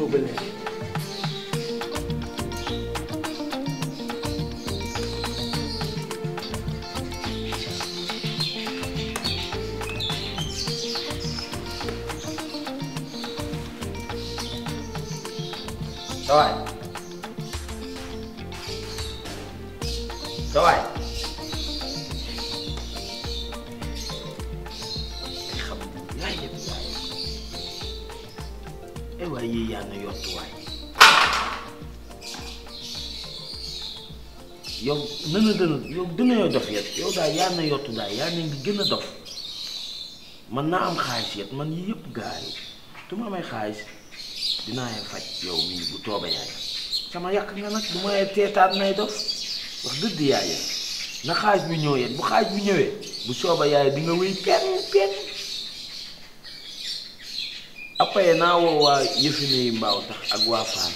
souvenirs. Rồi. Rồi. wattuwaay yow nana dana yow dina yoo dof yet yow daal yaa na yottu daal yaa na ngi gën a dof man naa am xaalis yet man yi yëpp gaa yi du ma amee xaalis dinaa yee faj yow mii bu tooba yaay sama yàq nga nag du ma teetaat nay dof wax dëgg yaay na xaalis bi ñëw yet bu xaalis bi ñëwee bu sooba yaay di wéy penn penn yappaye naa woo waa yëfiney mbaaw tax ak waa Fane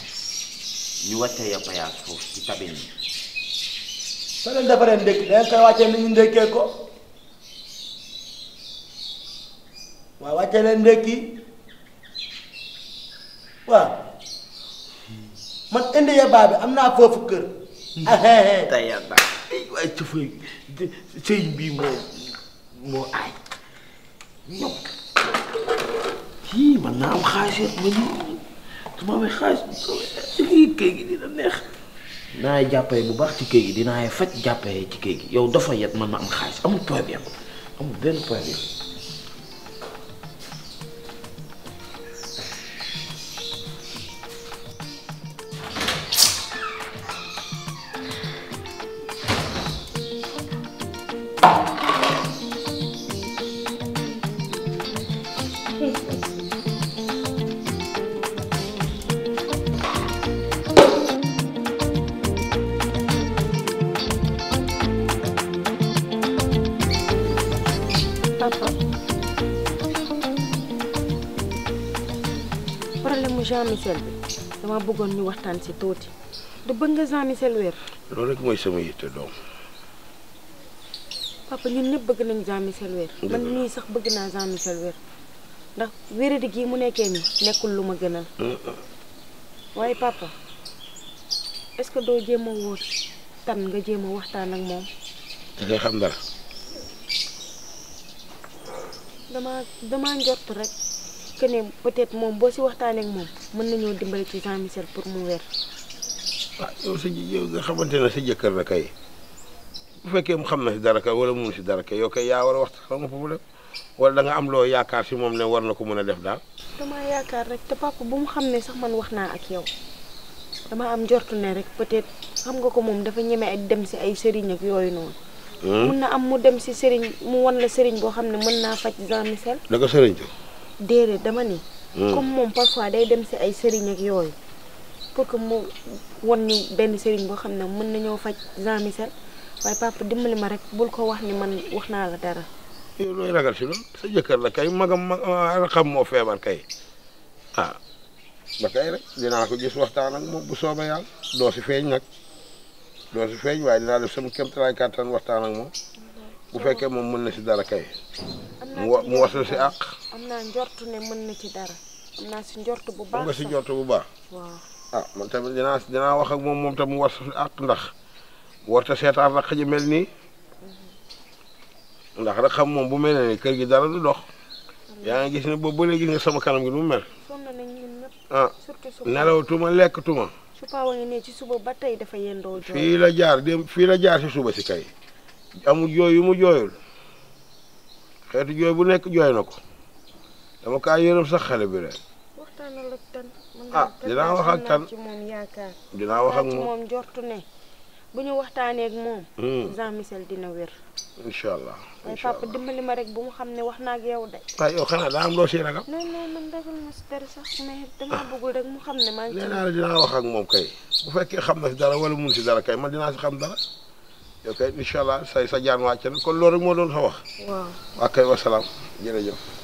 ñu wàccee yappayaat foofu ci cabine bi soo leen defaree ndékki danga koy wàccee ni ñu ndékkee ko waaw wàccee leen ndékki waaw man indi yabaa bi am naa foofu kër tey yàlla waaye cëfay sëñ bii moo moo aay ñoom Ih, maar naam ga je Maar mijn gast, hier keek je dan naar Nee, jappe, bu baax ci kër gi dinaa faj jàppee ci kër gi yow dafa yet man ma am je, amul problème amul benn problème Jean Michel dama bëggoon ñu waxtaan ci tuuti du bëgg nga Jean Michel wér. loolu rek mooy sama yitte doom. papa ñun ñëpp bëgg nañ Jean Michel wér. man mii sax bëgg naa Jean Michel weer ndax wéradi gi mu nekkee nii nekkul lu ma gënal. waaye papa est-ce que doo jéem a tan nga jéem a waxtaan ak moom. da xam dara. dama dama njort rek. fekkee peut-être moom boo si waxtaaneek moom mën nañoo dimbali ci Jean Michel pour mu weer. ah yow sa yow nga xamante ne si jëkkër la kay bu fekkee mu xam na si dara kay wala mënu si dara kay yow kay war a waxtaan xam nga problème wala da am loo yaakaar si moom ne war na ko mën a def daal. damaa yaakaar rek te papa bu mu xam ne sax man wax naa ak yow dama am jortu ne rek peut-être xam nga ko moom dafa ñeme ay dem si ay sëriñ ak yooyu noonu. Hmm? mun na am mu dem si sëriñ mu wan la sëriñ boo xam ne mën naa faj Jean Michel. da ko sëriñ déedéet dama ni. Hmm. comme moom parfois day dem si ay sëriñ ak yooyu pour que mu won ñu benn sëriñ boo xam ne mën nañoo faj Jean Michel waaye papa dimbali ma rek bul ko wax ni man wax naa la dara. yow looy ragal si loolu sa jëkkër la kay magam ma ah, xam moo feebar kay ah ba kay rek dinaa ko gis waxtaan moom bu soobee yàlla doo si feeñ nag doo si feeñ waaye dinaa def sama kéemtalaay kàttan waxtaan ak moom bu fekkee moom mën na si dara kay. mu was na si àq. am naa njortu ne mën na ci dara am naa si njortu bu baax nga si njortu bu baax. waaw ah man tamit dinaa dinaa wax ak moom moom tam mu war ak ndax warta seetaan rakk ji mel nii mm-hmm. ndax rek xam moom bu mel kër gi dara du gis ne boobu ba léegi sama kanam gi nu mu mel. sonn nañ ñun ñëpp. Ah, ci suba ba tey dafa yendoo jooy. fii la jaar fii la jaar si suba si kay. amul jooy yu mu jooyul xeetu jooy bu nekk jooy na ko. dama kaa yërëm sax xale bi rek. waxtaanal ak ah, wax ak moom yaakaar. wax ak moom moom ne. bu ñu waxtaanee ak moom. Hmm. Jean Michel dina wér. incha allah incha allah papa xam ne wax naa ak yow de. ah dama ah. bëggul rek mu xam ne maa ngi. nee naa wax ak moom kay bu fekkee xam na si dara wala mun si dara kay man dinaa si xam dara yow kay incha allah say sa jaan wàcc na kon loolu rek moo doon sa wax. waaw waaw kay wasalaam jërëjëf.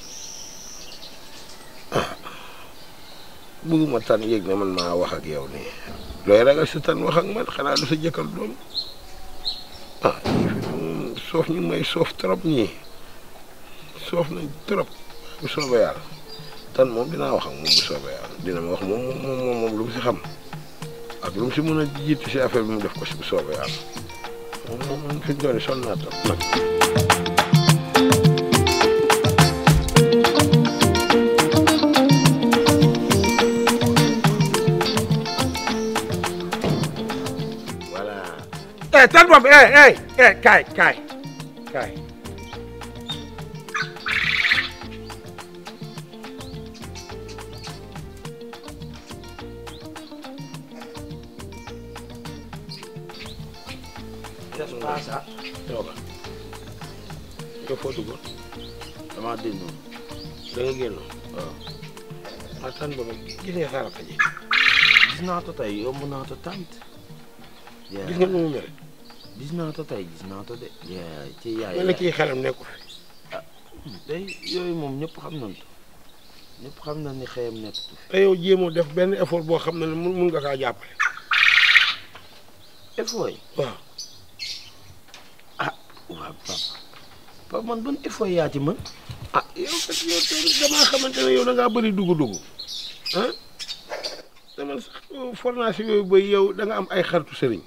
bëgguma tan yéeg ne man maa wax ak yow nii looy ragal sa tan wax ak man xanaa du sa jëkkal doom ah ñu fi moom soof soof trop ñii soof nañ trop bu soobee tan moom dinaa wax ak bu soobee dina ma wax moom moom moom moom si xam ak lum si mën a jiitu si affaire bi mu def ko si bu soobee yàlla moom moom fi ñu doon sonn trop nag Eh, tell them, eh, eh, eh, Kai, Kai, Kai. Just pass up. Yoba. Yo foto go. Tama dinu. Daga gelo. Ah. Atan baba. Gile harapaje. Gis naa to tey yomb naa to tant. Gis nga nu mu mel. gis naa ko tey gis naa ko de. ci yaay yaay kii xelam nekkul. ah tey yooyu moom ñëpp xam nañ ko ñëpp xam nañ ni xeyam nekkul. te yow jéemoo def benn effort boo xam ne mun nga kaa jàppale. effort yi. waaw. ah waaw papa papa man ban effort yaa ci mën. ah yow kat yow damaa xamante ne yow da ngaa bëri dugg-dugg ah. dama sax formation yooyu ba yow da nga am ay xaritu sëriñ.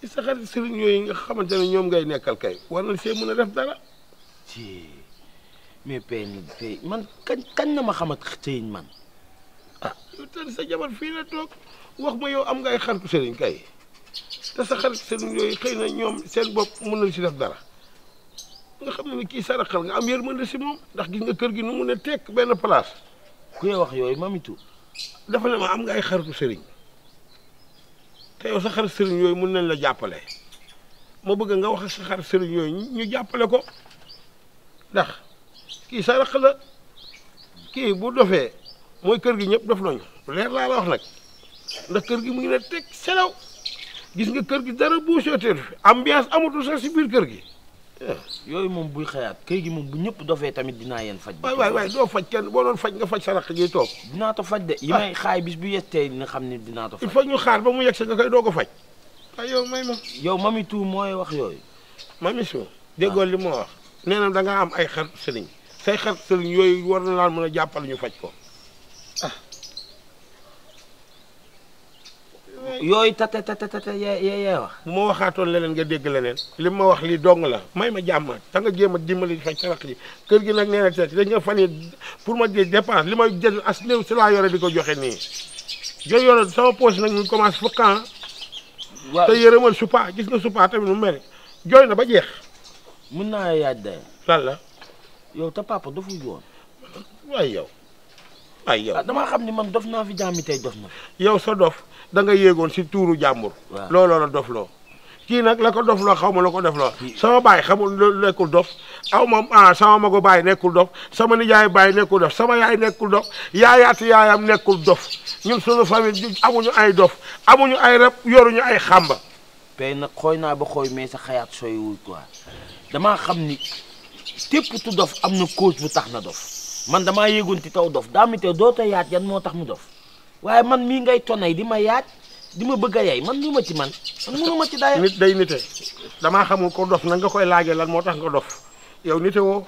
ci sa xarit sëriñ yooyu nga xamante ne ñoom ngay nekkal kay war na seen mën a def dara. ci mais pexe man kañ kañ na ma xamat sëriñ man ah yow sa jabar fii la toog wax ma yow am nga ay xaritu sëriñ kay te sa xarit sëriñ yooyu xëy na ñoom seen bopp mën nañ si def dara. nga xam ne kii saraxal nga am yërmande si moom ndax gis nga kër gi nu mu ne tekk benn place. ku wax yooyu mamitu dafa na ma am nga ay xaritu sëriñ. te yow sa xarit sëriñ yooyu mun nañ la jàppale ma bëgg nga wax sa xarit sëriñ yooyu ñu jàppale ko ndax kii sa kii bu dofee mooy kër gi ñëpp dof nañu leer laa la wax nag ndax kër gi mu ngi ne teg selaw gis nga kër gi dara boo seetee ambiance amatul sax si biir kër gi yooyu moom buy xayaat kër gi moom bu ñëpp dofee tamit dinaa yeen faj. waay waay waay doo faj kenn boo doon faj nga faj sa rakk ji toog. dinaa to faj de yi may ah. xaay bis bu yettee nga xam ne dinaa to faj. il ñu xaar ba mu yegg si nga koy doo ko faj. waaw yow may ma. yow mami tu mooy wax yooyu. mami Tou déggoo li moo wax. nee na da am ay xar sëriñ say xar sëriñ yooyu war na laan mën a jàppal ñu faj ko ah. yooyu tate tate tate yee yee wax. bu ma waxaatoon leneen nga dégg leneen. li ma wax li dong la may ma jàmm ta nga jéem a dimali faj sa rakk ji kër gi nag nee na tey dañ nga fan yii pour ma jël dépense li may jël as néew si laa yore di ko joxe nii. jooy yore sama poche nag commence fa ah. kan. waaw te yërëmal supa gis nga supa tamit mu mel jooy na ba jeex. mën naa yaaj de. lan la. yow te papa dafa yoon. waaye yow. waaye yow ah, dama xam ni man dof naa fi jaam tey dof na. yow sa dof. da nga yéegoon si tuuru jàmbur. looloo la loo kii nag la ko loo xaw ma la ko dofloo. sama baay xamul nekkul dof aw ma ah sama mago baay nekkul dof sama nijaay baay nekkul dof sama yaay nekkul dof yaayaatu yaayam nekkul dof ñun suñu famille amuñu ay dof amuñu ay rab yoruñu ay xàmba. tey nag xooy naa ba xooy mais sa xayaat sooyul quoi damaa xam ni tépp tu dof am na cause bu tax na dof man damaa yéegoon ci taw dof daa mi te doo ta yaat moo tax mu dof. waaye man mii ngay tonay di ma yaaj di ma bëgg a yey man lu ma ci man man mënu ma ci daya nit day nite damaa xamul ko dof nan nga koy laajee lan moo tax nga dof yow nite woo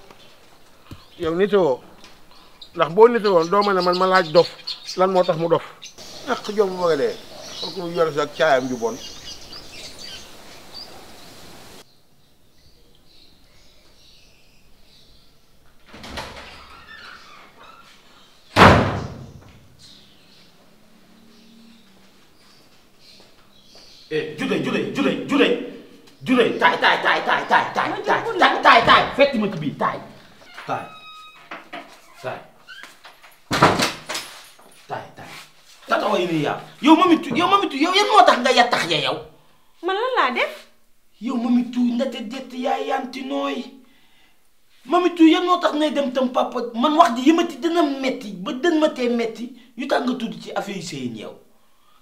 yow nite woo ndax boo nite woon doo ma ne man ma laaj dof lan moo tax mu dof ak jom bëgga dee kooku yor sa caayam ju bon eh Jude Jude Jude Jude Jude taay taay taay taay taay taay taay taay taay fetti ma ci biir taay taay taay taay taay tata way nii yaa yow mami tu yow mami tu yow yan moo tax nga yattax ya yow man lan laa def yow mami tu ndate det yaay yanti nooy mami tu yan moo tax ngay dem tam papa man wax ji yëmati dina metti ba dën ma tee metti yu tax nga tudd ci affaire yi seen yow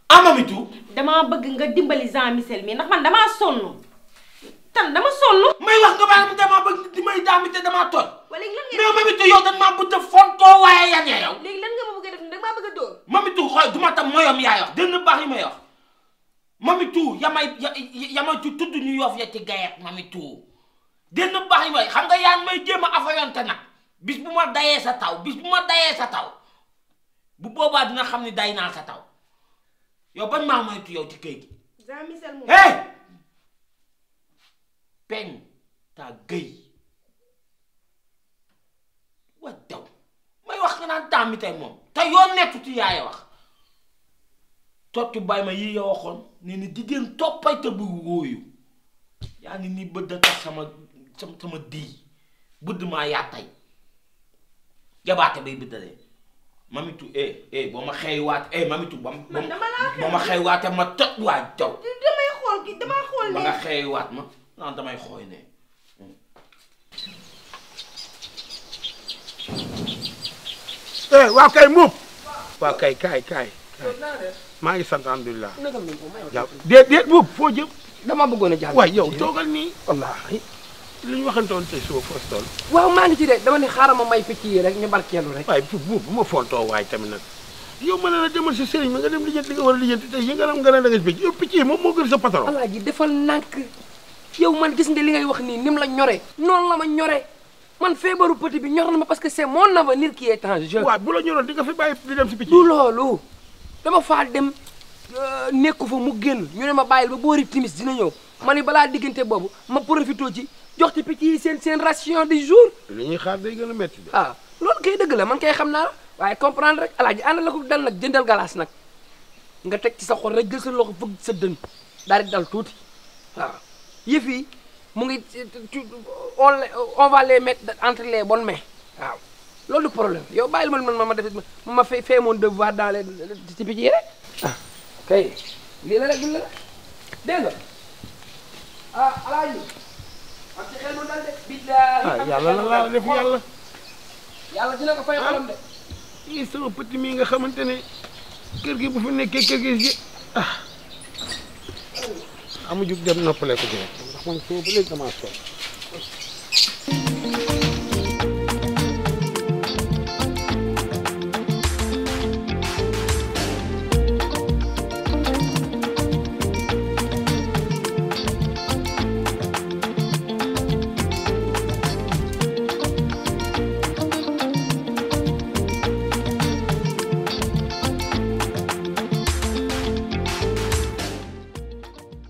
amamitu dama bëgg nga dimbali Jean Michel mi ndax man dama sonu tan dama sonu may wax nga ba ma damaa bëgg di may daami te damaa tooñ mais mamitu yow dañ maa bëgg a fontoo waaye yan ya yow léegi lan nga ma bëgg def da maa bëgg do dóor mamitu xoy duma ma tam moyom yaay wax dënn baax yi may wax mamitu yamay yamay tu tuddu ñu yof ya ci gayet mamitu dënn baax yi may xam nga yaan may jema a afayonte nag bis bu ma dayé sa taw bis bu ma dayé sa taw bu boba dina xamni day sa taw yow ban maa moytu yow ci këy gi. Jean Michel moom hey. peñ taa gëy wa daw may wax nga naan temps mi tey moom te yoon nekku ci yaay wax tottu bay ma yi yow waxoon ne ni jigéen toppay te bu wóoyu yaa ngi ni bëdd tax sama sama sama dii bëdd maa yaa tey jabaate bay bëddalee mamitu tu eh, eh boo ma xëy waat eh mamitu ba boo ma xëy waatee ma toj waa jaw. damay xool gi damay xool ba nga xëy waat ma non damay xooy ne. eh waa kay muub. waa kay kaay kaay. maa ngi sant alhamdulilah. déet déet muub foo jëm. dama bëggoon a jàll. waay yow toogal nii li ñu waxantoon tey suba foos tool. waaw maa ngi ci de dama ne xaaral ma may picc yi rek ñu barkeelu rek. waaye bu bu ma fontoo waay tamit nag yow ma ne la demal dem a lijjanti tey picc yow yi moom moo gën sa patron. alaaji defal nànk yow man gis nga li ngay wax nii nim la ñore noonu la ma ñore man feebaru petit bi ñor na ma parce que moo mon avenir qui est en jeu. waaw bu la ñoroon di nga fi bàyyi di dem si picc yi. du loolu dama faa dem euh, nekku fa mu génn ñu ne ma bàyyil ba boori timis dina ñëw man ni balaa diggante boobu ma profité ci jox ci picc yi seen seen ration du jour. li ñuy xaar day gën a métti de. Ah, loolu kay dëgg la man kay xam naa la waaye comprendre rek alaaji ànd la ko dal nag jëndal galaas nag nga teg ci sa xol rek jël sa loxo fëgg sa dënn daal dal tuuti waaw yëf yi mu ngi on on va les mettre entre les bonnes mains waaw loolu du problème yow bàyyil man man ma def ma fay fay mon devoir dans les ci picc yi rek. ah kay lii la rek dul la ah, ah la laa def yàlla. yàlla dina ko fay xolam de. i sama petit mii nga xamante ne kër gi bu fi nekkee kër gi ji ah. amu jug dem noppale ko ci rek ndax man sama ba léegi damaa